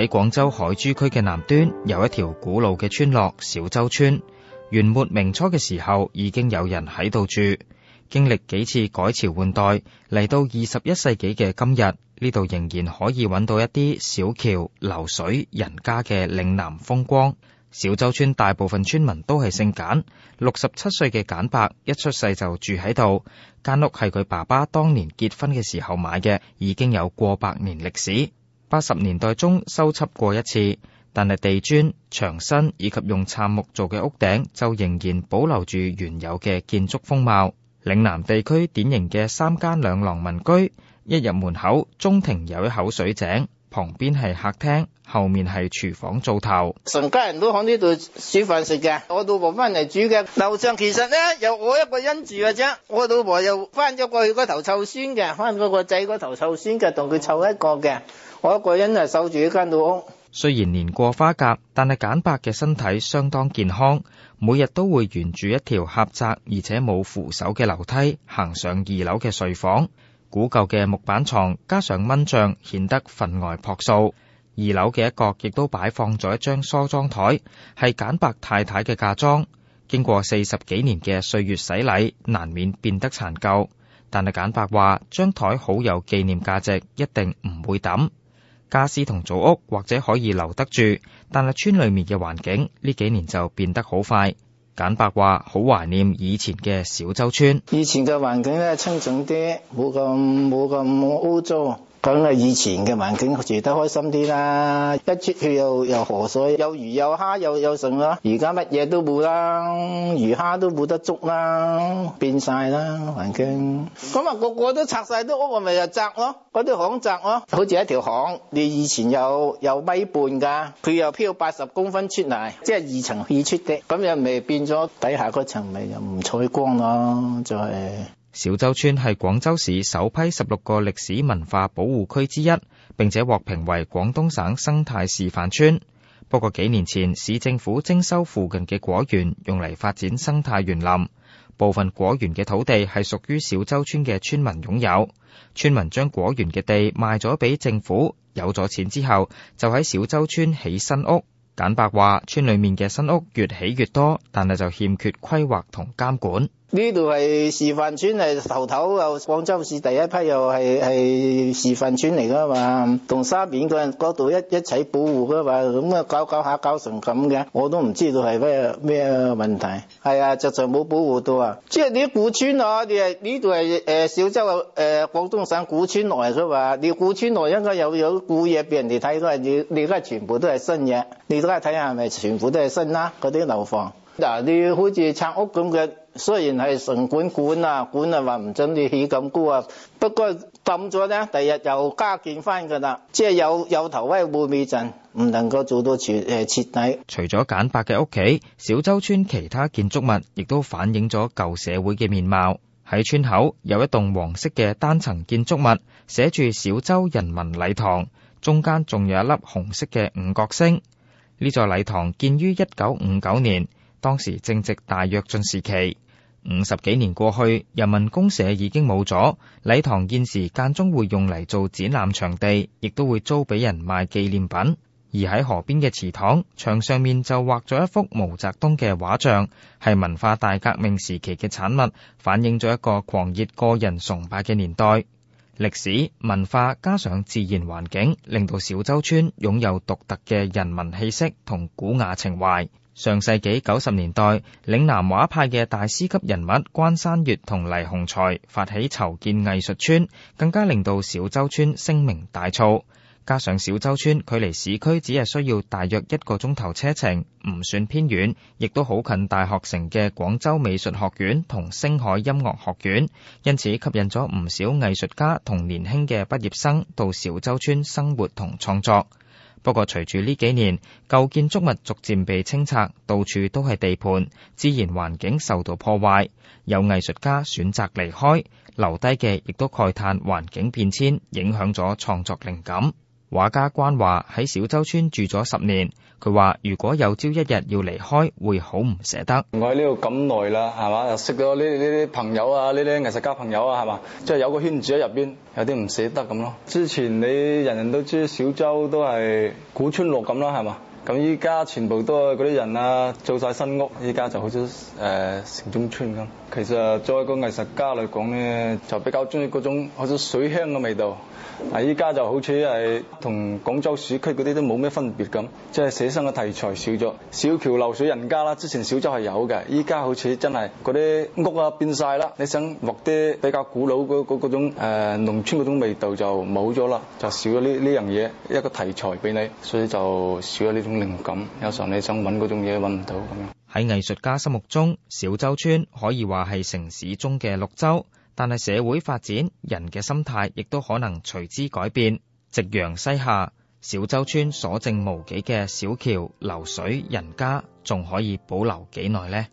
喺廣州海珠區嘅南端，有一條古老嘅村落小洲村。元末明初嘅時候，已經有人喺度住。經歷幾次改朝換代，嚟到二十一世紀嘅今日，呢度仍然可以揾到一啲小橋流水人家嘅嶺南風光。小洲村大部分村民都係姓簡，六十七歲嘅簡伯一出世就住喺度，間屋係佢爸爸當年結婚嘅時候買嘅，已經有過百年歷史。八十年代中修葺過一次，但係地磚、牆身以及用杉木做嘅屋頂就仍然保留住原有嘅建築風貌。嶺南地區典型嘅三間兩廊民居，一入門口中庭有一口水井。旁邊係客廳，後面係廚房灶頭。全家人都喺呢度煮飯食嘅，我老婆翻嚟煮嘅。樓上其實咧有我一個人住嘅啫，我老婆又翻咗過去個頭湊孫嘅，翻嗰個仔個頭湊孫嘅，同佢湊一個嘅。我一個人係守住一間老屋。雖然年過花甲，但係簡伯嘅身體相當健康，每日都會沿住一條狹窄而且冇扶手嘅樓梯行上二樓嘅睡房。古舊嘅木板床加上蚊帳，顯得分外朴素。二樓嘅一角亦都擺放咗一張梳妝台，係簡伯太太嘅嫁妝。經過四十幾年嘅歲月洗禮，難免變得殘舊。但係簡伯話，張台好有紀念價值，一定唔會抌。家私同祖屋或者可以留得住，但係村裏面嘅環境呢幾年就變得好快。簡白話，好懷念以前嘅小洲村。以前嘅環境咧，清靜啲，冇咁冇咁污糟。咁啊！以前嘅環境住得開心啲啦，一出去又又河水又魚又又又有魚有蝦又有餸啦。而家乜嘢都冇啦，魚蝦都冇得捉啦，變晒啦環境。咁啊，個個都拆晒啲屋咪又窄咯，嗰啲巷窄咯，好似一條巷，你以前有有米半㗎，佢又飄八十公分出嚟，即係二層二出的，咁又咪變咗底下嗰層咪又唔採光咯，就係、是。小洲村係廣州市首批十六個歷史文化保護區之一，並且獲評為廣東省生態示範村。不過幾年前，市政府徵收附近嘅果園，用嚟發展生態園林。部分果園嘅土地係屬於小洲村嘅村民擁有，村民將果園嘅地賣咗俾政府，有咗錢之後就喺小洲村起新屋。簡白話，村裏面嘅新屋越起越多，但係就欠缺規劃同監管。呢度係示範村，嚟，頭頭又廣州市第一批又係係示範村嚟噶嘛？同沙面嗰度一一齊保護噶嘛？咁啊搞搞下搞，搞，搞成咁嘅，我都唔知道係咩咩問題。係啊，實在冇保護到啊！即係你啲古村啊，你係呢度係誒小洲誒廣東省古村落噶嘛？你古村落應該有有古嘢俾人哋睇，都係你你而家全部都係新嘢，你而家睇下係咪全部都係新啦嗰啲樓房。嗱，你好似拆屋咁嘅，雖然係城管管啊，管啊話唔准你起咁高啊，不過冧咗呢，第日又加建翻噶啦，即係有有頭威冇尾陣，唔能夠做到徹底。除咗簡白嘅屋企，小洲村其他建築物亦都反映咗舊社會嘅面貌。喺村口有一棟黃色嘅單層建築物，寫住小洲人民禮堂，中間仲有一粒紅色嘅五角星。呢座禮堂建於一九五九年。當時正值大躍進時期，五十幾年過去，人民公社已經冇咗。禮堂現時間中會用嚟做展覽場地，亦都會租俾人賣紀念品。而喺河邊嘅祠堂牆上面就畫咗一幅毛澤東嘅畫像，係文化大革命時期嘅產物，反映咗一個狂熱個人崇拜嘅年代。歷史、文化加上自然環境，令到小洲村擁有獨特嘅人民氣息同古雅情懷。上世紀九十年代，嶺南畫派嘅大師級人物關山月同黎雄才發起籌建藝術村，更加令到小洲村聲名大噪。加上小洲村距離市區只係需要大約一個鐘頭車程，唔算偏遠，亦都好近大學城嘅廣州美術學院同星海音樂學院，因此吸引咗唔少藝術家同年輕嘅畢業生到小洲村生活同創作。不過，隨住呢幾年，舊建築物逐漸被清拆，到處都係地盤，自然環境受到破壞，有藝術家選擇離開，留低嘅亦都慨嘆環境變遷，影響咗創作靈感。畫家關華喺小洲村住咗十年，佢話如果有朝一日要離開，會好唔捨得。我喺呢度咁耐啦，係嘛，又識咗呢呢啲朋友啊，呢啲藝術家朋友啊，係嘛，即係有個圈子喺入邊，有啲唔捨得咁咯。之前你人人都知小洲都係古村落咁啦，係嘛。咁依家全部都係啲人啊，做晒新屋，依家就好似誒、呃、城中村咁。其實作為一個藝術家嚟講咧，就比較中意種好似水鄉嘅味道。啊，依家就好似係同廣州市區啲都冇咩分別咁，即係寫生嘅題材少咗，小橋流水人家啦，之前小洲係有嘅，依家好似真係啲屋啊變晒啦。你想畫啲比較古老嗰嗰嗰種誒、呃、農村嗰種味道就冇咗啦，就少咗呢呢樣嘢一個題材俾你，所以就少咗呢。靈感有時候你想搵嗰種嘢搵唔到咁樣。喺藝術家心目中，小洲村可以話係城市中嘅綠洲，但係社會發展，人嘅心態亦都可能隨之改變。夕陽西下，小洲村所剩無幾嘅小橋流水人家，仲可以保留幾耐呢？